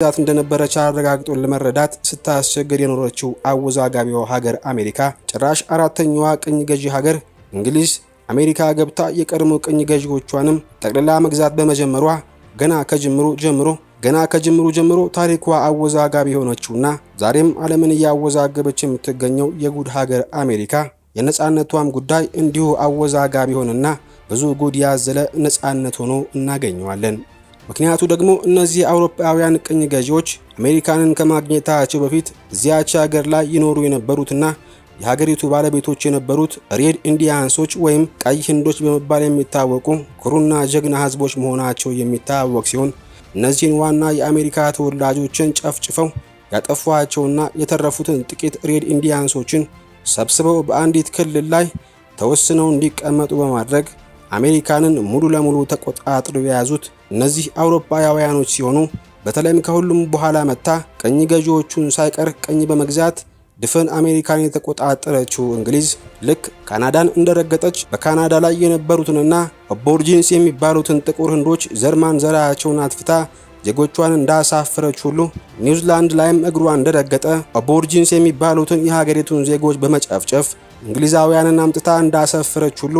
ግዛት እንደነበረች አረጋግጦ ለመረዳት ስታስቸግር የኖረችው አወዛጋቢዋ ሀገር አሜሪካ ጭራሽ አራተኛዋ ቅኝ ገዢ ሀገር እንግሊዝ አሜሪካ ገብታ የቀድሞ ቅኝ ገዢዎቿንም ጠቅልላ መግዛት በመጀመሯ ገና ከጅምሩ ጀምሮ ገና ከጅምሩ ጀምሮ ታሪኳ አወዛጋቢ የሆነችውና ዛሬም ዓለምን እያወዛገበች የምትገኘው የጉድ ሀገር አሜሪካ የነፃነቷም ጉዳይ እንዲሁ አወዛጋቢ ሆንና ብዙ ጉድ ያዘለ ነፃነት ሆኖ እናገኘዋለን። ምክንያቱ ደግሞ እነዚህ አውሮፓውያን ቅኝ ገዢዎች አሜሪካንን ከማግኘታቸው በፊት እዚያች ሀገር ላይ ይኖሩ የነበሩትና የሀገሪቱ ባለቤቶች የነበሩት ሬድ ኢንዲያንሶች ወይም ቀይ ህንዶች በመባል የሚታወቁ ኩሩና ጀግና ህዝቦች መሆናቸው የሚታወቅ ሲሆን እነዚህን ዋና የአሜሪካ ተወላጆችን ጨፍጭፈው ያጠፏቸውና የተረፉትን ጥቂት ሬድ ኢንዲያንሶችን ሰብስበው በአንዲት ክልል ላይ ተወስነው እንዲቀመጡ በማድረግ አሜሪካንን ሙሉ ለሙሉ ተቆጣጥረው የያዙት እነዚህ አውሮፓውያኖች ሲሆኑ በተለይም ከሁሉም በኋላ መጥታ ቀኝ ገዢዎቹን ሳይቀር ቀኝ በመግዛት ድፍን አሜሪካን የተቆጣጠረችው እንግሊዝ ልክ ካናዳን እንደረገጠች በካናዳ ላይ የነበሩትንና አቦርጂንስ የሚባሉትን ጥቁር ህንዶች ዘርማን ዘራቸውን አጥፍታ ዜጎቿን እንዳሳፈረች ሁሉ ኒውዚላንድ ላይም እግሯ እንደረገጠ አቦርጂንስ የሚባሉትን የሀገሪቱን ዜጎች በመጨፍጨፍ እንግሊዛውያንን አምጥታ እንዳሰፈረች ሁሉ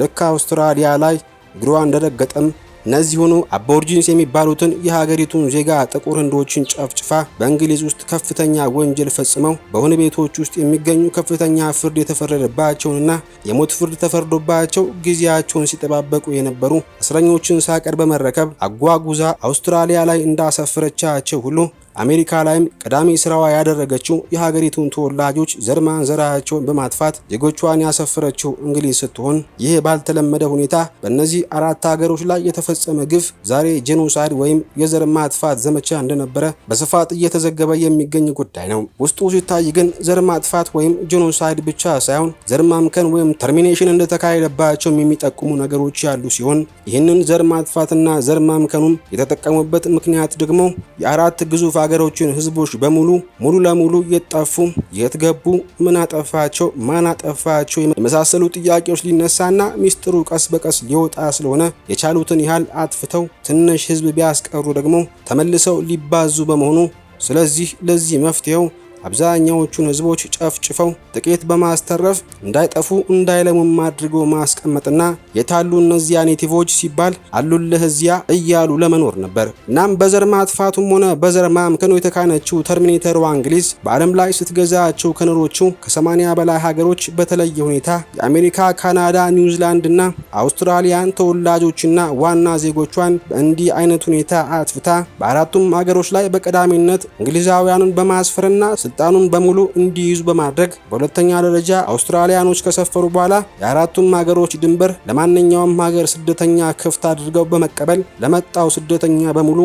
ልክ አውስትራሊያ ላይ እግሯ እንደረገጠም እነዚሁኑ አቦርጂንስ የሚባሉትን የሀገሪቱን ዜጋ ጥቁር ህንዶችን ጨፍጭፋ በእንግሊዝ ውስጥ ከፍተኛ ወንጀል ፈጽመው በሆነ ቤቶች ውስጥ የሚገኙ ከፍተኛ ፍርድ የተፈረደባቸውንና የሞት ፍርድ ተፈርዶባቸው ጊዜያቸውን ሲጠባበቁ የነበሩ እስረኞችን ሳቀር በመረከብ አጓጉዛ አውስትራሊያ ላይ እንዳሰፈረቻቸው ሁሉ አሜሪካ ላይም ቀዳሚ ስራዋ ያደረገችው የሀገሪቱን ተወላጆች ዘር ማንዘራቸውን በማጥፋት ዜጎቿን ያሰፈረችው እንግሊዝ ስትሆን ይህ ባልተለመደ ሁኔታ በእነዚህ አራት ሀገሮች ላይ የተፈጸመ ግፍ ዛሬ ጄኖሳይድ ወይም የዘር ማጥፋት ዘመቻ እንደነበረ በስፋት እየተዘገበ የሚገኝ ጉዳይ ነው። ውስጡ ሲታይ ግን ዘር ማጥፋት ወይም ጄኖሳይድ ብቻ ሳይሆን ዘር ማምከን ወይም ተርሚኔሽን እንደተካሄደባቸውም የሚጠቁሙ ነገሮች ያሉ ሲሆን ይህንን ዘር ማጥፋትና ዘር ማምከኑም የተጠቀሙበት ምክንያት ደግሞ የአራት ግዙፍ አገሮችን ህዝቦች በሙሉ ሙሉ ለሙሉ የጠፉ የት ገቡ፣ ምን አጠፋቸው፣ ማን አጠፋቸው የመሳሰሉ ጥያቄዎች ሊነሳና ሚስጥሩ ቀስ በቀስ ሊወጣ ስለሆነ የቻሉትን ያህል አጥፍተው ትንሽ ህዝብ ቢያስቀሩ ደግሞ ተመልሰው ሊባዙ በመሆኑ ስለዚህ ለዚህ መፍትሄው አብዛኛዎቹን ህዝቦች ጨፍጭፈው ጥቂት በማስተረፍ እንዳይጠፉ እንዳይለሙም አድርጎ ማስቀመጥና የታሉ እነዚያ ኔቲቮች ሲባል አሉልህ እዚያ እያሉ ለመኖር ነበር። እናም በዘር ማጥፋቱም ሆነ በዘር ማምከኑ የተካነችው ተርሚኔተሯ እንግሊዝ በዓለም ላይ ስትገዛቸው ከኖሮቹ ከ80 በላይ ሀገሮች በተለየ ሁኔታ የአሜሪካ፣ ካናዳ፣ ኒውዚላንድና አውስትራሊያን ተወላጆችና ዋና ዜጎቿን በእንዲህ አይነት ሁኔታ አጥፍታ በአራቱም ሀገሮች ላይ በቀዳሚነት እንግሊዛውያኑን በማስፈርና ስልጣኑን በሙሉ እንዲይዙ በማድረግ በሁለተኛ ደረጃ አውስትራሊያኖች ከሰፈሩ በኋላ የአራቱም ሀገሮች ድንበር ለማንኛውም ሀገር ስደተኛ ክፍት አድርገው በመቀበል ለመጣው ስደተኛ በሙሉ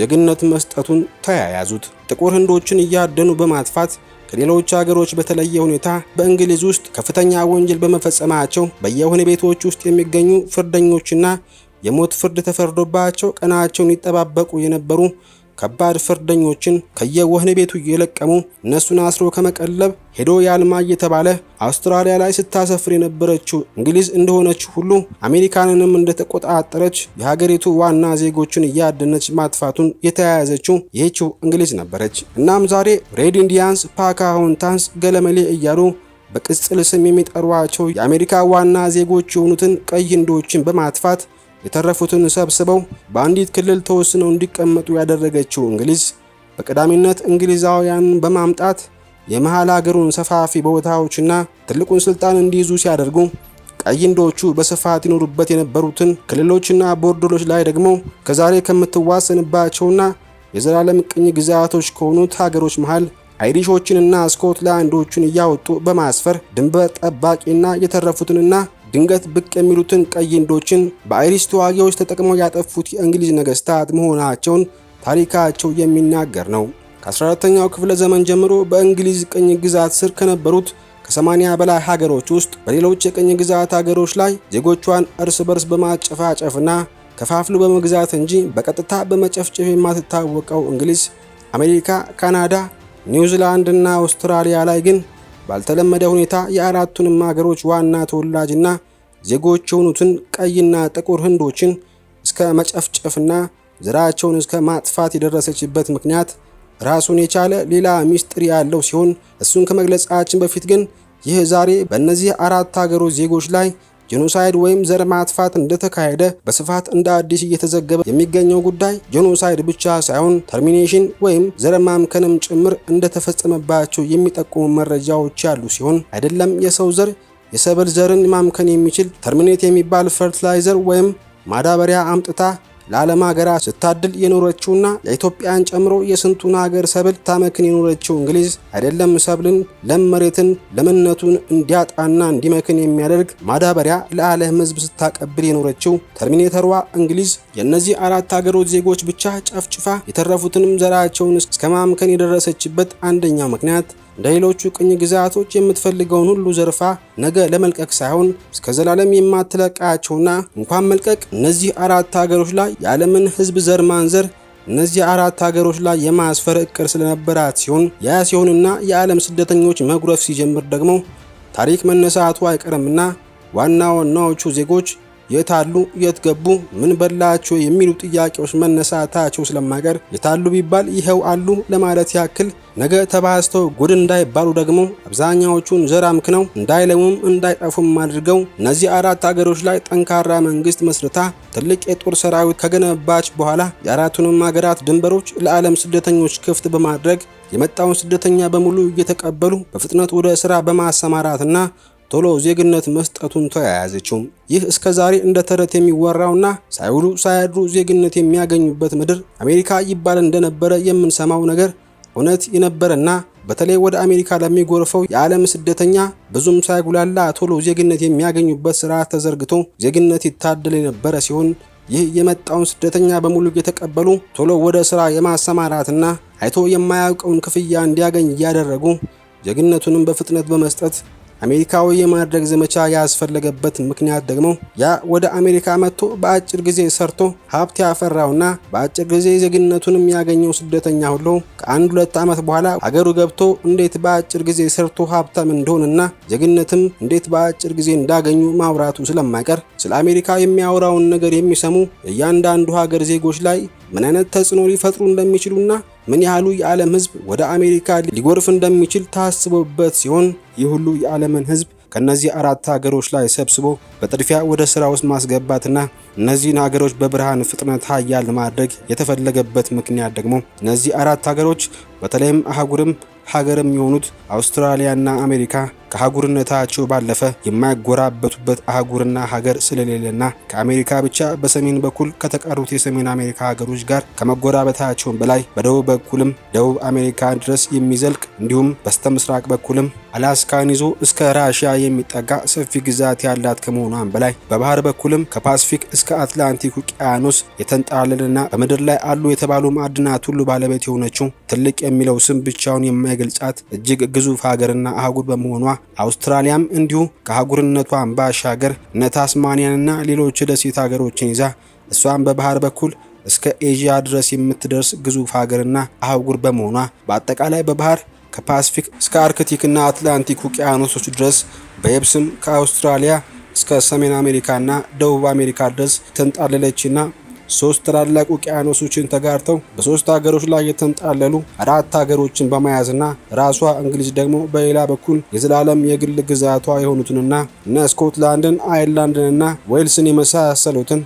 ዜግነት መስጠቱን ተያያዙት። ጥቁር ህንዶችን እያደኑ በማጥፋት ከሌሎች ሀገሮች በተለየ ሁኔታ በእንግሊዝ ውስጥ ከፍተኛ ወንጀል በመፈጸማቸው በየወህኒ ቤቶች ውስጥ የሚገኙ ፍርደኞችና የሞት ፍርድ ተፈርዶባቸው ቀናቸውን ይጠባበቁ የነበሩ ከባድ ፍርደኞችን ከየወህኒ ቤቱ እየለቀሙ እነሱን አስሮ ከመቀለብ ሄዶ ያልማ እየተባለ አውስትራሊያ ላይ ስታሰፍር የነበረችው እንግሊዝ እንደሆነች ሁሉ አሜሪካንንም እንደተቆጣጠረች የሀገሪቱ ዋና ዜጎችን እያደነች ማጥፋቱን የተያያዘችው ይህችው እንግሊዝ ነበረች። እናም ዛሬ ሬድ ኢንዲያንስ፣ ፓካሆንታንስ፣ ገለመሌ እያሉ በቅጽል ስም የሚጠሯቸው የአሜሪካ ዋና ዜጎች የሆኑትን ቀይ ህንዶችን በማጥፋት የተረፉትን ሰብስበው በአንዲት ክልል ተወስነው እንዲቀመጡ ያደረገችው እንግሊዝ በቀዳሚነት እንግሊዛውያን በማምጣት የመሃል አገሩን ሰፋፊ ቦታዎችና ትልቁን ስልጣን እንዲይዙ ሲያደርጉ ቀይ ህንዶቹ በስፋት ይኖሩበት የነበሩትን ክልሎችና ቦርደሮች ላይ ደግሞ ከዛሬ ከምትዋሰንባቸውና የዘላለም ቅኝ ግዛቶች ከሆኑት ሀገሮች መሃል አይሪሾችንና ስኮትላንዶችን እያወጡ በማስፈር ድንበር ጠባቂና የተረፉትንና ድንገት ብቅ የሚሉትን ቀይ ህንዶችን በአይሪሽ ተዋጊዎች ተጠቅመው ያጠፉት የእንግሊዝ ነገስታት መሆናቸውን ታሪካቸው የሚናገር ነው። ከ14ኛው ክፍለ ዘመን ጀምሮ በእንግሊዝ ቅኝ ግዛት ስር ከነበሩት ከ80 በላይ ሀገሮች ውስጥ በሌሎች የቅኝ ግዛት ሀገሮች ላይ ዜጎቿን እርስ በርስ በማጨፋጨፍና ከፋፍሉ በመግዛት እንጂ በቀጥታ በመጨፍጨፍ የማትታወቀው እንግሊዝ አሜሪካ፣ ካናዳ፣ ኒውዚላንድ እና አውስትራሊያ ላይ ግን ባልተለመደ ሁኔታ የአራቱንም አገሮች ዋና ተወላጅና ዜጎች የሆኑትን ቀይና ጥቁር ህንዶችን እስከ መጨፍጨፍና ዘራቸውን እስከ ማጥፋት የደረሰችበት ምክንያት ራሱን የቻለ ሌላ ሚስጥር ያለው ሲሆን እሱን ከመግለጻችን በፊት ግን ይህ ዛሬ በእነዚህ አራት ሀገሮች ዜጎች ላይ ጄኖሳይድ ወይም ዘር ማጥፋት እንደተካሄደ በስፋት እንደ አዲስ እየተዘገበ የሚገኘው ጉዳይ ጄኖሳይድ ብቻ ሳይሆን ተርሚኔሽን ወይም ዘር ማምከንም ጭምር እንደተፈጸመባቸው የሚጠቁሙ መረጃዎች ያሉ ሲሆን አይደለም የሰው ዘር የሰብል ዘርን ማምከን የሚችል ተርሚኔት የሚባል ፈርቲላይዘር ወይም ማዳበሪያ አምጥታ ለዓለም ሀገራት ስታድል የኖረችውና ለኢትዮጵያን ጨምሮ የስንቱን ሀገር ሰብል ታመክን የኖረችው እንግሊዝ አይደለም ሰብልን ለም መሬትን ለምነቱን እንዲያጣና እንዲመክን የሚያደርግ ማዳበሪያ ለዓለም ሕዝብ ስታቀብል የኖረችው ተርሚኔተሯ እንግሊዝ የእነዚህ አራት ሀገሮች ዜጎች ብቻ ጨፍጭፋ የተረፉትንም ዘራቸውን እስከማምከን የደረሰችበት አንደኛው ምክንያት እንደ ሌሎቹ ቅኝ ግዛቶች የምትፈልገውን ሁሉ ዘርፋ ነገ ለመልቀቅ ሳይሆን እስከ ዘላለም የማትለቃቸውና እንኳን መልቀቅ እነዚህ አራት ሀገሮች ላይ የዓለምን ሕዝብ ዘር ማንዘር እነዚህ አራት ሀገሮች ላይ የማስፈር እቅድ ስለነበራት ሲሆን ያ ሲሆንና የዓለም ስደተኞች መጉረፍ ሲጀምር ደግሞ ታሪክ መነሳቱ አይቀርምና ዋና ዋናዎቹ ዜጎች የታሉ የት ገቡ ምን በላቸው የሚሉ ጥያቄዎች መነሳታቸው ስለማይቀር የታሉ ቢባል ይኸው አሉ ለማለት ያክል ነገ ተባስተው ጉድ እንዳይባሉ ደግሞ አብዛኛዎቹን ዘር አምክነው እንዳይለሙም እንዳይጠፉም አድርገው እነዚህ አራት ሀገሮች ላይ ጠንካራ መንግስት መስርታ ትልቅ የጦር ሰራዊት ከገነባች በኋላ የአራቱንም ሀገራት ድንበሮች ለዓለም ስደተኞች ክፍት በማድረግ የመጣውን ስደተኛ በሙሉ እየተቀበሉ በፍጥነት ወደ ስራ በማሰማራትና ቶሎ ዜግነት መስጠቱን ተያያዘችው። ይህ እስከ ዛሬ እንደ ተረት የሚወራውና ሳይውሉ ሳያድሩ ዜግነት የሚያገኙበት ምድር አሜሪካ ይባል እንደነበረ የምንሰማው ነገር እውነት የነበረና በተለይ ወደ አሜሪካ ለሚጎርፈው የዓለም ስደተኛ ብዙም ሳይጉላላ ቶሎ ዜግነት የሚያገኙበት ስርዓት ተዘርግቶ ዜግነት ይታደል የነበረ ሲሆን ይህ የመጣውን ስደተኛ በሙሉ የተቀበሉ ቶሎ ወደ ስራ የማሰማራትና አይቶ የማያውቀውን ክፍያ እንዲያገኝ እያደረጉ ዜግነቱንም በፍጥነት በመስጠት አሜሪካዊ የማድረግ ዘመቻ ያስፈለገበት ምክንያት ደግሞ ያ ወደ አሜሪካ መጥቶ በአጭር ጊዜ ሰርቶ ሀብት ያፈራውና በአጭር ጊዜ ዜግነቱንም ያገኘው ስደተኛ ሁሉ ከአንድ ሁለት ዓመት በኋላ አገሩ ገብቶ እንዴት በአጭር ጊዜ ሰርቶ ሀብታም እንደሆንና ዜግነትም እንዴት በአጭር ጊዜ እንዳገኙ ማውራቱ ስለማይቀር ስለ አሜሪካ የሚያወራውን ነገር የሚሰሙ የእያንዳንዱ ሀገር ዜጎች ላይ ምን አይነት ተጽዕኖ ሊፈጥሩ እንደሚችሉና ምን ያህሉ የዓለም ህዝብ ወደ አሜሪካ ሊጎርፍ እንደሚችል ታስቦበት ሲሆን ይህ ሁሉ የዓለምን ህዝብ ከነዚህ አራት ሀገሮች ላይ ሰብስቦ በጥድፊያ ወደ ስራ ውስጥ ማስገባትና እነዚህን ሀገሮች በብርሃን ፍጥነት ሀያል ለማድረግ የተፈለገበት ምክንያት ደግሞ እነዚህ አራት ሀገሮች በተለይም አህጉርም ሀገርም የሆኑት አውስትራሊያና አሜሪካ ከአህጉርነታቸው ባለፈ የማይጎራበቱበት አህጉርና ሀገር ስለሌለና ከአሜሪካ ብቻ በሰሜን በኩል ከተቀሩት የሰሜን አሜሪካ ሀገሮች ጋር ከመጎራበታቸውን በላይ በደቡብ በኩልም ደቡብ አሜሪካ ድረስ የሚዘልቅ እንዲሁም በስተምስራቅ በኩልም አላስካን ይዞ እስከ ራሽያ የሚጠጋ ሰፊ ግዛት ያላት ከመሆኗን በላይ በባህር በኩልም ከፓስፊክ እስከ አትላንቲክ ውቅያኖስ የተንጣለልና በምድር ላይ አሉ የተባሉ ማዕድናት ሁሉ ባለቤት የሆነችው ትልቅ የሚለው ስም ብቻውን የማይገልጻት እጅግ ግዙፍ ሀገርና አህጉር በመሆኗ አውስትራሊያም እንዲሁ ከአህጉርነቷን ባሻገር እነ ታስማኒያንና ሌሎች ደሴት ሀገሮችን ይዛ እሷም በባህር በኩል እስከ ኤዥያ ድረስ የምትደርስ ግዙፍ ሀገርና አህጉር በመሆኗ በአጠቃላይ በባህር ከፓሲፊክ እስከ አርክቲክና አትላንቲክ ውቅያኖሶች ድረስ በየብስም ከአውስትራሊያ እስከ ሰሜን አሜሪካና ደቡብ አሜሪካ ድረስ የተንጣለለችና ሶስት ታላላቅ ውቅያኖሶችን ተጋርተው በሶስት ሀገሮች ላይ የተንጣለሉ አራት ሀገሮችን በመያዝና ራሷ እንግሊዝ ደግሞ በሌላ በኩል የዘላለም የግል ግዛቷ የሆኑትንና እነ ስኮትላንድን፣ አይርላንድንና ዌልስን የመሳሰሉትን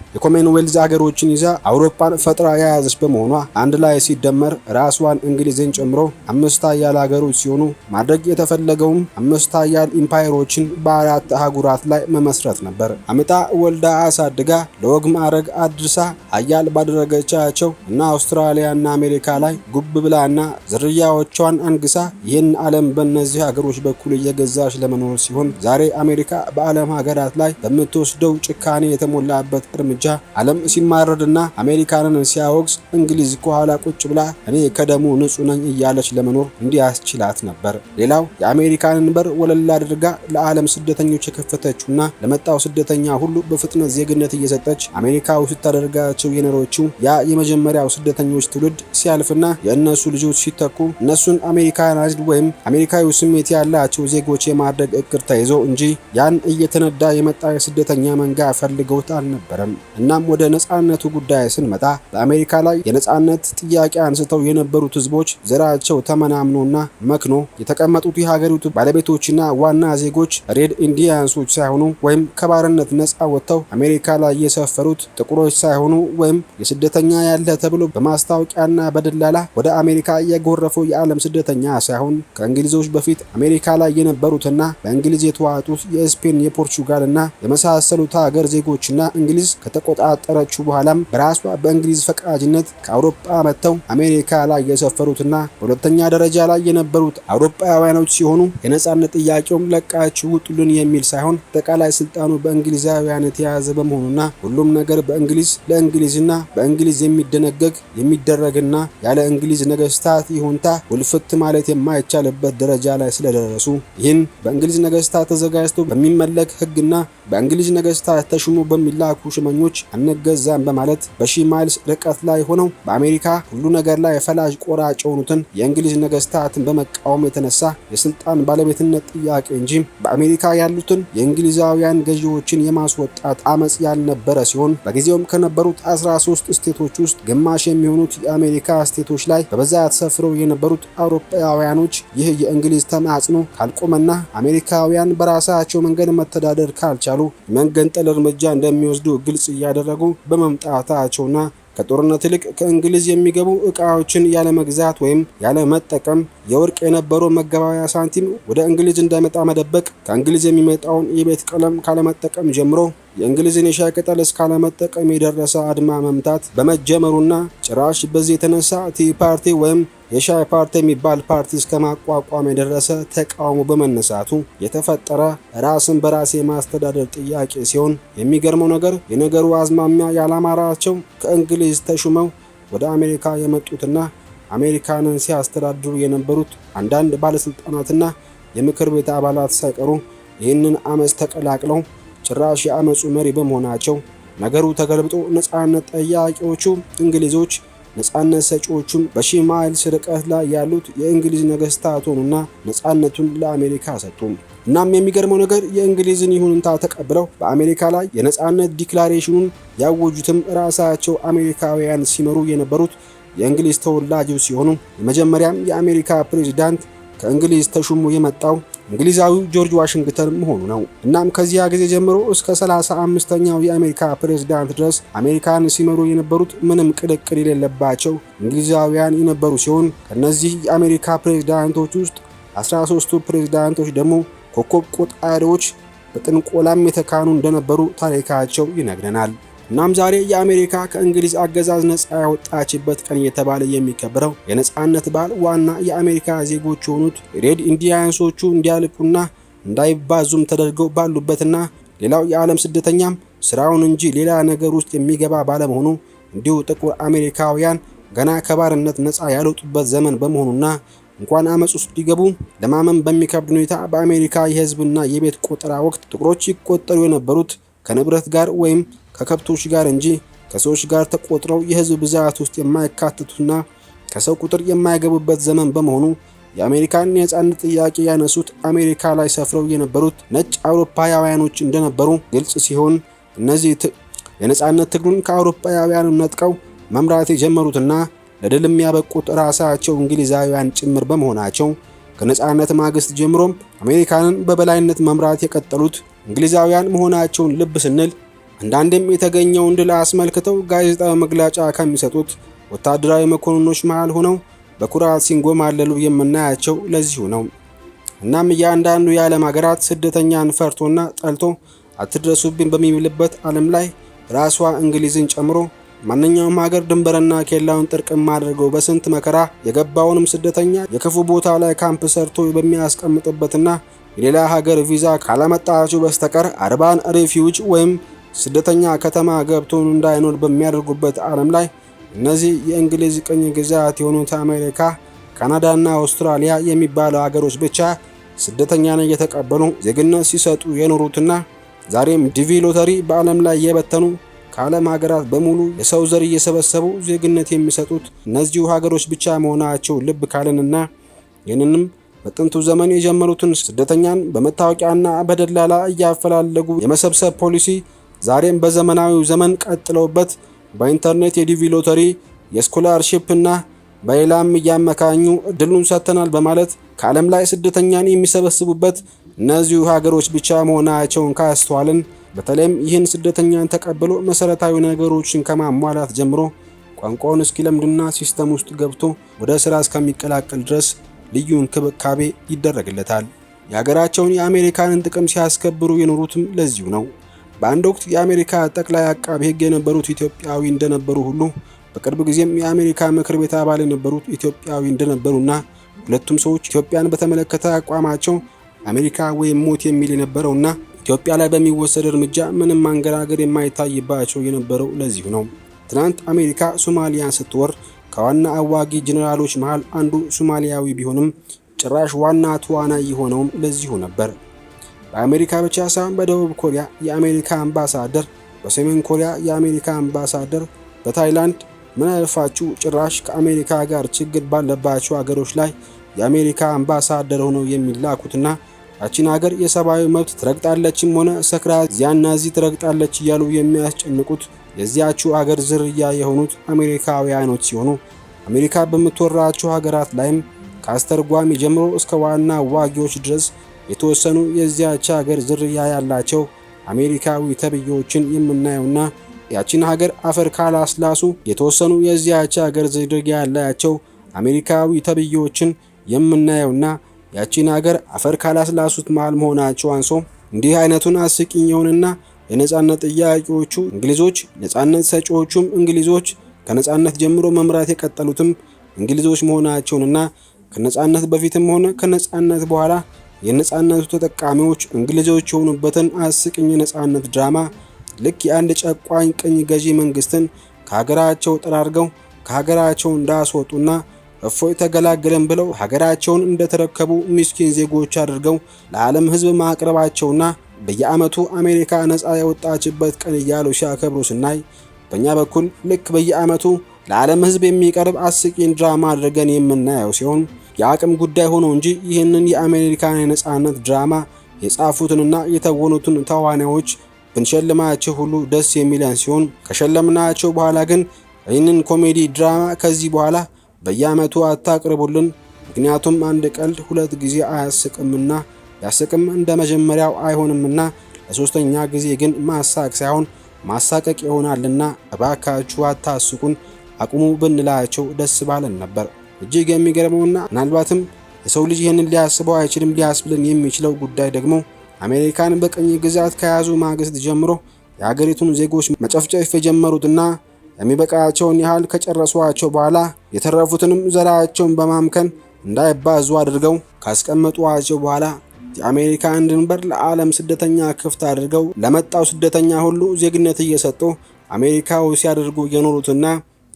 ዌልዝ ሀገሮችን ይዛ አውሮፓን ፈጥራ የያዘች በመሆኗ አንድ ላይ ሲደመር ራሷን እንግሊዝን ጨምሮ አምስት ሀያል ሀገሮች ሲሆኑ ማድረግ የተፈለገውም አምስት ሀያል ኢምፓየሮችን በአራት አህጉራት ላይ መመስረት ነበር። አምጣ ወልዳ አሳድጋ ለወግ ማዕረግ አድርሳ አያል ባደረገቻቸው እና አውስትራሊያና አሜሪካ ላይ ጉብ ብላና ዝርያዎቿን አንግሳ ይህን ዓለም በእነዚህ ሀገሮች በኩል እየገዛች ለመኖር ሲሆን ዛሬ አሜሪካ በዓለም ሀገራት ላይ በምትወስደው ጭካኔ የተሞላበት እርምጃ ዓለም ሲማረድና አሜሪካንን ሲያወግዝ እንግሊዝ ከኋላ ቁጭ ብላ እኔ ከደሙ ንጹሕ ነኝ እያለች ለመኖር እንዲያስችላት ነበር። ሌላው የአሜሪካንን በር ወለል አድርጋ ለዓለም ስደተኞች የከፈተችውና ለመጣው ስደተኛ ሁሉ በፍጥነት ዜግነት እየሰጠች አሜሪካዊ ስታደርጋ ያላቸው የኖረችው ያ የመጀመሪያው ስደተኞች ትውልድ ሲያልፍና የእነሱ ልጆች ሲተኩ እነሱን አሜሪካናይዝድ ወይም አሜሪካዊ ስሜት ያላቸው ዜጎች የማድረግ እቅድ ተይዞ እንጂ ያን እየተነዳ የመጣ የስደተኛ መንጋ ፈልገውት አልነበረም። እናም ወደ ነጻነቱ ጉዳይ ስንመጣ በአሜሪካ ላይ የነጻነት ጥያቄ አንስተው የነበሩት ህዝቦች ዘራቸው ተመናምኖና መክኖ የተቀመጡት የሀገሪቱ ባለቤቶችና ዋና ዜጎች ሬድ ኢንዲያንሶች ሳይሆኑ ወይም ከባርነት ነጻ ወጥተው አሜሪካ ላይ የሰፈሩት ጥቁሮች ሳይሆኑ ወይም የስደተኛ ያለ ተብሎ በማስታወቂያና በደላላ ወደ አሜሪካ የጎረፈ የዓለም ስደተኛ ሳይሆን ከእንግሊዞች በፊት አሜሪካ ላይ የነበሩትና በእንግሊዝ የተዋጡት የስፔን የፖርቹጋልና የመሳሰሉት ሀገር ዜጎችና እንግሊዝ ከተቆጣጠረችው በኋላም በራሷ በእንግሊዝ ፈቃጅነት ከአውሮፓ መጥተው አሜሪካ ላይ የሰፈሩትና በሁለተኛ ደረጃ ላይ የነበሩት አውሮፓውያኖች ሲሆኑ የነጻነት ጥያቄውም ለቃችሁ ውጡልን የሚል ሳይሆን አጠቃላይ ስልጣኑ በእንግሊዛውያን የተያዘ በመሆኑና ሁሉም ነገር በእንግሊዝ ለእንግሊዝ በእንግሊዝና በእንግሊዝ የሚደነገግ የሚደረግና ያለ እንግሊዝ ነገስታት ይሁንታ ውልፍት ማለት የማይቻልበት ደረጃ ላይ ስለደረሱ ይህን በእንግሊዝ ነገስታት ተዘጋጅቶ በሚመለክ ህግና በእንግሊዝ ነገስታት ተሹሞ በሚላኩ ሽመኞች አንገዛም በማለት በሺህ ማይልስ ርቀት ላይ ሆነው በአሜሪካ ሁሉ ነገር ላይ ፈላጅ ቆራጭ የሆኑትን የእንግሊዝ ነገስታትን በመቃወም የተነሳ የስልጣን ባለቤትነት ጥያቄ እንጂ በአሜሪካ ያሉትን የእንግሊዛውያን ገዢዎችን የማስወጣት አመጽ ያልነበረ ሲሆን በጊዜውም ከነበሩት 13 ስቴቶች ውስጥ ግማሽ የሚሆኑት የአሜሪካ ስቴቶች ላይ በብዛት ሰፍረው የነበሩት አውሮፓውያኖች ይህ የእንግሊዝ ተማጽኖ ካልቆመና አሜሪካውያን በራሳቸው መንገድ መተዳደር ካልቻሉ መንገንጠል እርምጃ እንደሚወስዱ ግልጽ እያደረጉ በመምጣታቸውና ከጦርነት ይልቅ ከእንግሊዝ የሚገቡ እቃዎችን ያለመግዛት ወይም ያለመጠቀም፣ የወርቅ የነበረው መገባያ ሳንቲም ወደ እንግሊዝ እንዳይመጣ መደበቅ፣ ከእንግሊዝ የሚመጣውን የቤት ቀለም ካለመጠቀም ጀምሮ የእንግሊዝን የሻይ ቅጠል እስካለመጠቀም የደረሰ አድማ መምታት በመጀመሩና ጭራሽ በዚህ የተነሳ ቲ ፓርቲ ወይም የሻይ ፓርቲ የሚባል ፓርቲ እስከ ማቋቋም የደረሰ ተቃውሞ በመነሳቱ የተፈጠረ ራስን በራስ የማስተዳደር ጥያቄ ሲሆን የሚገርመው ነገር የነገሩ አዝማሚያ ያላማራቸው ከእንግሊዝ ተሹመው ወደ አሜሪካ የመጡትና አሜሪካንን ሲያስተዳድሩ የነበሩት አንዳንድ ባለስልጣናትና የምክር ቤት አባላት ሳይቀሩ ይህንን አመፅ ተቀላቅለው ጭራሽ የአመፁ መሪ በመሆናቸው ነገሩ ተገልብጦ ነፃነት ጠያቂዎቹ እንግሊዞች ነጻነት ሰጪዎቹም በሺህ ማይልስ ርቀት ላይ ያሉት የእንግሊዝ ነገስታት ሆኑና ነጻነቱን ለአሜሪካ ሰጡም። እናም የሚገርመው ነገር የእንግሊዝን ይሁንታ ተቀብለው በአሜሪካ ላይ የነጻነት ዲክላሬሽኑን ያወጁትም ራሳቸው አሜሪካውያን ሲመሩ የነበሩት የእንግሊዝ ተወላጆች ሲሆኑ የመጀመሪያም የአሜሪካ ፕሬዚዳንት ከእንግሊዝ ተሹሞ የመጣው እንግሊዛዊው ጆርጅ ዋሽንግተን መሆኑ ነው። እናም ከዚያ ጊዜ ጀምሮ እስከ 35ኛው የአሜሪካ ፕሬዝዳንት ድረስ አሜሪካን ሲመሩ የነበሩት ምንም ቅልቅል የሌለባቸው እንግሊዛውያን የነበሩ ሲሆን ከነዚህ የአሜሪካ ፕሬዝዳንቶች ውስጥ 13ቱ ፕሬዝዳንቶች ደግሞ ኮከብ ቆጣሪዎች በጥንቆላም የተካኑ እንደነበሩ ታሪካቸው ይነግረናል። እናም ዛሬ የአሜሪካ ከእንግሊዝ አገዛዝ ነጻ ያወጣችበት ቀን እየተባለ የሚከበረው የነጻነት በዓል ዋና የአሜሪካ ዜጎች የሆኑት ሬድ ኢንዲያንሶቹ እንዲያልቁና እንዳይባዙም ተደርገው ባሉበትና ሌላው የዓለም ስደተኛም ስራውን እንጂ ሌላ ነገር ውስጥ የሚገባ ባለመሆኑ እንዲሁ ጥቁር አሜሪካውያን ገና ከባርነት ነጻ ያልወጡበት ዘመን በመሆኑና እንኳን አመፅ ውስጥ ሊገቡ ለማመን በሚከብድ ሁኔታ በአሜሪካ የህዝብና የቤት ቆጠራ ወቅት ጥቁሮች ይቆጠሩ የነበሩት ከንብረት ጋር ወይም ከከብቶች ጋር እንጂ ከሰዎች ጋር ተቆጥረው የህዝብ ብዛት ውስጥ የማይካተቱና ከሰው ቁጥር የማይገቡበት ዘመን በመሆኑ የአሜሪካን የህፃነት ጥያቄ ያነሱት አሜሪካ ላይ ሰፍረው የነበሩት ነጭ አውሮፓውያኖች እንደነበሩ ግልጽ ሲሆን እነዚህ የነፃነት ትግሉን ከአውሮፓውያኑ ነጥቀው መምራት የጀመሩትና ለድል የሚያበቁት ራሳቸው እንግሊዛውያን ጭምር በመሆናቸው ከነፃነት ማግስት ጀምሮም አሜሪካንን በበላይነት መምራት የቀጠሉት እንግሊዛውያን መሆናቸውን ልብ ስንል አንዳንድም የተገኘውን ድል አስመልክተው ጋዜጣዊ መግለጫ ከሚሰጡት ወታደራዊ መኮንኖች መሃል ሆነው በኩራት ሲንጎማለሉ የምናያቸው ለዚሁ ነው። እናም እያንዳንዱ የዓለም ሀገራት ስደተኛን ፈርቶና ጠልቶ አትድረሱብን በሚምልበት ዓለም ላይ ራሷ እንግሊዝን ጨምሮ ማንኛውም ሀገር ድንበርና ኬላውን ጥርቅም አድርገው በስንት መከራ የገባውንም ስደተኛ የክፉ ቦታ ላይ ካምፕ ሰርቶ በሚያስቀምጥበትና የሌላ ሀገር ቪዛ ካላመጣችሁ በስተቀር አርባን ሬፊውጅ ወይም ስደተኛ ከተማ ገብቶ እንዳይኖር በሚያደርጉበት ዓለም ላይ እነዚህ የእንግሊዝ ቅኝ ግዛት የሆኑት አሜሪካ፣ ካናዳና አውስትራሊያ የሚባሉ አገሮች ብቻ ስደተኛን እየተቀበሉ ዜግነት ሲሰጡ የኖሩትና ዛሬም ዲቪ ሎተሪ በዓለም ላይ የበተኑ ከዓለም ሀገራት በሙሉ የሰው ዘር እየሰበሰቡ ዜግነት የሚሰጡት እነዚሁ ሀገሮች ብቻ መሆናቸው ልብ ካለንና ይህንንም በጥንቱ ዘመን የጀመሩትን ስደተኛን በመታወቂያና በደላላ እያፈላለጉ የመሰብሰብ ፖሊሲ ዛሬም በዘመናዊው ዘመን ቀጥለውበት በኢንተርኔት የዲቪ ሎተሪ፣ የስኮላርሺፕ እና በሌላም እያመካኙ እድሉን ሰጥተናል በማለት ከዓለም ላይ ስደተኛን የሚሰበስቡበት እነዚሁ ሀገሮች ብቻ መሆናቸውን ካስተዋልን በተለይም ይህን ስደተኛን ተቀብሎ መሰረታዊ ነገሮችን ከማሟላት ጀምሮ ቋንቋውን እስኪለምድና ሲስተም ውስጥ ገብቶ ወደ ስራ እስከሚቀላቀል ድረስ ልዩ እንክብካቤ ይደረግለታል። የሀገራቸውን የአሜሪካንን ጥቅም ሲያስከብሩ የኖሩትም ለዚሁ ነው። በአንድ ወቅት የአሜሪካ ጠቅላይ አቃቢ ሕግ የነበሩት ኢትዮጵያዊ እንደነበሩ ሁሉ በቅርብ ጊዜም የአሜሪካ ምክር ቤት አባል የነበሩት ኢትዮጵያዊ እንደነበሩና ሁለቱም ሰዎች ኢትዮጵያን በተመለከተ አቋማቸው አሜሪካ ወይም ሞት የሚል የነበረውና ኢትዮጵያ ላይ በሚወሰድ እርምጃ ምንም አንገራገር የማይታይባቸው የነበረው ለዚሁ ነው። ትናንት አሜሪካ ሶማሊያን ስትወር ከዋና አዋጊ ጄኔራሎች መሃል አንዱ ሶማሊያዊ ቢሆንም ጭራሽ ዋና ተዋናይ የሆነውም ለዚሁ ነበር። በአሜሪካ ብቻ ሳይሆን በደቡብ ኮሪያ የአሜሪካ አምባሳደር፣ በሰሜን ኮሪያ የአሜሪካ አምባሳደር፣ በታይላንድ ምን አልፋችሁ ጭራሽ ከአሜሪካ ጋር ችግር ባለባቸው አገሮች ላይ የአሜሪካ አምባሳደር ሆነው የሚላኩትና ያቺን ሀገር የሰብአዊ መብት ትረግጣለችም ሆነ ሰክራ ዚህ ትረግጣለች እያሉ የሚያስጨንቁት የዚያችው አገር ዝርያ የሆኑት አሜሪካውያኖች ሲሆኑ አሜሪካ በምትወራቸው ሀገራት ላይም ከአስተርጓሚ ጀምሮ እስከ ዋና ዋጊዎች ድረስ የተወሰኑ የዚያች ሀገር ዝርያ ያላቸው አሜሪካዊ ተብዬዎችን የምናየውና ያቺን ሀገር አፈር ካላስላሱ የተወሰኑ የዚያች ሀገር ዝርያ ያላቸው አሜሪካዊ ተብዬዎችን የምናየውና ያቺን ሀገር አፈር ካላስላሱት መሃል መሆናቸው አንሶ እንዲህ አይነቱን አስቂኝ የሆነና የነጻነት ጥያቄዎቹ እንግሊዞች ነጻነት ሰጪዎቹም እንግሊዞች ከነጻነት ጀምሮ መምራት የቀጠሉትም እንግሊዞች መሆናቸውንና ከነጻነት በፊትም ሆነ ከነጻነት በኋላ የነፃነቱ ተጠቃሚዎች እንግሊዞች የሆኑበትን አስቂኝ የነፃነት ድራማ ልክ የአንድ ጨቋኝ ቅኝ ገዢ መንግስትን ከሀገራቸው ጠራርገው ከሀገራቸው እንዳስወጡና እፎይ ተገላገለን ብለው ሀገራቸውን እንደተረከቡ ሚስኪን ዜጎች አድርገው ለዓለም ሕዝብ ማቅረባቸውና በየዓመቱ አሜሪካ ነፃ የወጣችበት ቀን እያሉ ሲያከብሩ ስናይ በእኛ በኩል ልክ በየዓመቱ ለዓለም ሕዝብ የሚቀርብ አስቂኝ ድራማ አድርገን የምናየው ሲሆን የአቅም ጉዳይ ሆኖ እንጂ ይህንን የአሜሪካን የነፃነት ድራማ የጻፉትንና የተወኑትን ተዋናዮች ብንሸልማቸው ሁሉ ደስ የሚለን ሲሆን ከሸለምናቸው በኋላ ግን ይህንን ኮሜዲ ድራማ ከዚህ በኋላ በየዓመቱ አታቅርቡልን። ምክንያቱም አንድ ቀልድ ሁለት ጊዜ አያስቅምና ቢያስቅም እንደ መጀመሪያው አይሆንምና ለሶስተኛ ጊዜ ግን ማሳቅ ሳይሆን ማሳቀቅ ይሆናልና እባካችሁ አታስቁን። አቁሙ ብንላቸው ደስ ባለን ነበር። እጅግ የሚገርመውና ምናልባትም የሰው ልጅ ይህንን ሊያስበው አይችልም ሊያስብልን የሚችለው ጉዳይ ደግሞ አሜሪካን በቅኝ ግዛት ከያዙ ማግስት ጀምሮ የሀገሪቱን ዜጎች መጨፍጨፍ የጀመሩትና የሚበቃቸውን ያህል ከጨረሷቸው በኋላ የተረፉትንም ዘራቸውን በማምከን እንዳይባዙ አድርገው ካስቀመጧቸው በኋላ የአሜሪካን ድንበር ለዓለም ስደተኛ ክፍት አድርገው ለመጣው ስደተኛ ሁሉ ዜግነት እየሰጡ አሜሪካው ሲያደርጉ የኖሩትና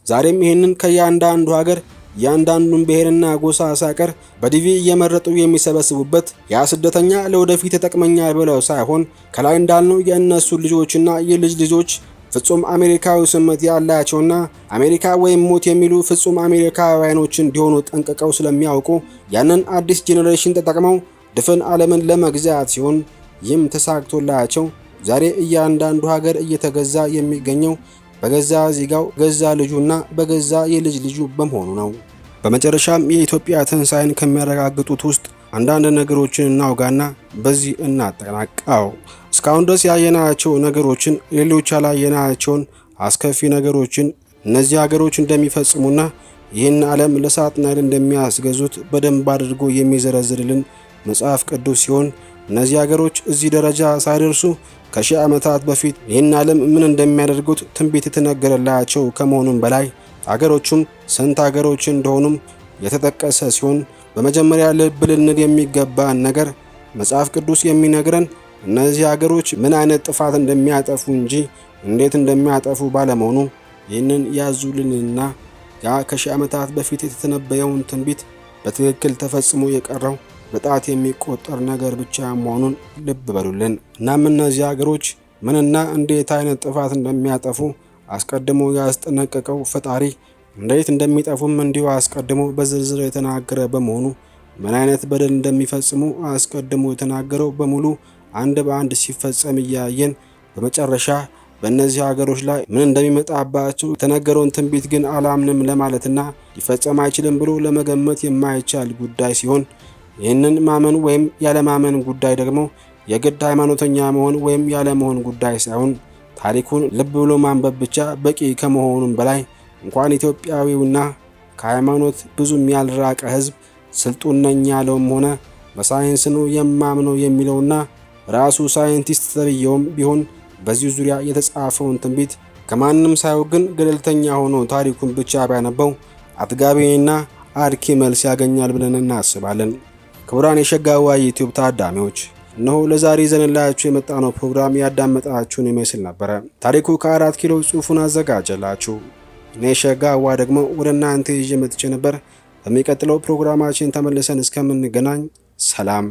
ዛሬም ይህንን ከእያንዳንዱ ሀገር እያንዳንዱን ብሔርና ጎሳ ሳቀር በዲቪ እየመረጡ የሚሰበስቡበት ያ ስደተኛ ለወደፊት ይጠቅመኛል ብለው ሳይሆን ከላይ እንዳልነው የእነሱ ልጆችና የልጅ ልጆች ፍጹም አሜሪካዊ ስሜት ያላቸውና አሜሪካ ወይም ሞት የሚሉ ፍጹም አሜሪካውያኖች እንዲሆኑ ጠንቅቀው ስለሚያውቁ ያንን አዲስ ጄኔሬሽን ተጠቅመው ድፍን ዓለምን ለመግዛት ሲሆን ይህም ተሳክቶላቸው ዛሬ እያንዳንዱ ሀገር እየተገዛ የሚገኘው በገዛ ዜጋው ገዛ ልጁና በገዛ የልጅ ልጁ በመሆኑ ነው። በመጨረሻም የኢትዮጵያ ትንሣኤን ከሚያረጋግጡት ውስጥ አንዳንድ ነገሮችን እናውጋና በዚህ እናጠናቃው። እስካሁን ድረስ ያየናቸው ነገሮችን፣ ሌሎች ያላየናቸውን አስከፊ ነገሮችን እነዚህ ሀገሮች እንደሚፈጽሙና ይህን ዓለም ለሳጥናኤል እንደሚያስገዙት በደንብ አድርጎ የሚዘረዝርልን መጽሐፍ ቅዱስ ሲሆን እነዚህ ሀገሮች እዚህ ደረጃ ሳይደርሱ ከሺህ ዓመታት በፊት ይህን ዓለም ምን እንደሚያደርጉት ትንቢት የተነገረላቸው ከመሆኑም በላይ አገሮቹም ስንት አገሮች እንደሆኑም የተጠቀሰ ሲሆን በመጀመሪያ ልብ ልንል የሚገባን ነገር መጽሐፍ ቅዱስ የሚነግረን እነዚህ አገሮች ምን አይነት ጥፋት እንደሚያጠፉ እንጂ እንዴት እንደሚያጠፉ ባለመሆኑ ይህንን ያዙልንና ያ ከሺህ ዓመታት በፊት የተተነበየውን ትንቢት በትክክል ተፈጽሞ የቀረው በጣት የሚቆጠር ነገር ብቻ መሆኑን ልብ በሉልን። እናም እነዚህ ሀገሮች ምንና እንዴት አይነት ጥፋት እንደሚያጠፉ አስቀድሞ ያስጠነቀቀው ፈጣሪ እንዴት እንደሚጠፉም እንዲሁ አስቀድሞ በዝርዝር የተናገረ በመሆኑ ምን አይነት በደል እንደሚፈጽሙ አስቀድሞ የተናገረው በሙሉ አንድ በአንድ ሲፈጸም እያየን በመጨረሻ በእነዚህ ሀገሮች ላይ ምን እንደሚመጣባቸው የተነገረውን ትንቢት ግን አላምንም ለማለትና ሊፈጸም አይችልም ብሎ ለመገመት የማይቻል ጉዳይ ሲሆን ይህንን ማመን ወይም ያለማመን ጉዳይ ደግሞ የግድ ሃይማኖተኛ መሆን ወይም ያለመሆን ጉዳይ ሳይሆን ታሪኩን ልብ ብሎ ማንበብ ብቻ በቂ ከመሆኑም በላይ እንኳን ኢትዮጵያዊውና ከሃይማኖት ብዙም ያልራቀ ህዝብ ስልጡን ነኝ ያለውም ሆነ በሳይንስ ነው የማምነው የሚለውና ራሱ ሳይንቲስት ተብየውም ቢሆን በዚህ ዙሪያ የተጻፈውን ትንቢት ከማንም ሳይወግን ግን ገለልተኛ ሆኖ ታሪኩን ብቻ ቢያነበው አጥጋቢና አርኪ መልስ ያገኛል ብለን እናስባለን። ክቡራን የሸጋዋ ዩቲዩብ ታዳሚዎች እነሆ ለዛሬ ይዘንላችሁ የመጣ ነው ፕሮግራም ያዳመጣችሁን ይመስል ነበረ። ታሪኩ ከአራት ኪሎ ጽሑፉን አዘጋጀላችሁ። እኔ ሸጋዋ ደግሞ ወደ እናንተ ይዤ መጥቼ ነበር። በሚቀጥለው ፕሮግራማችን ተመልሰን እስከምንገናኝ ሰላም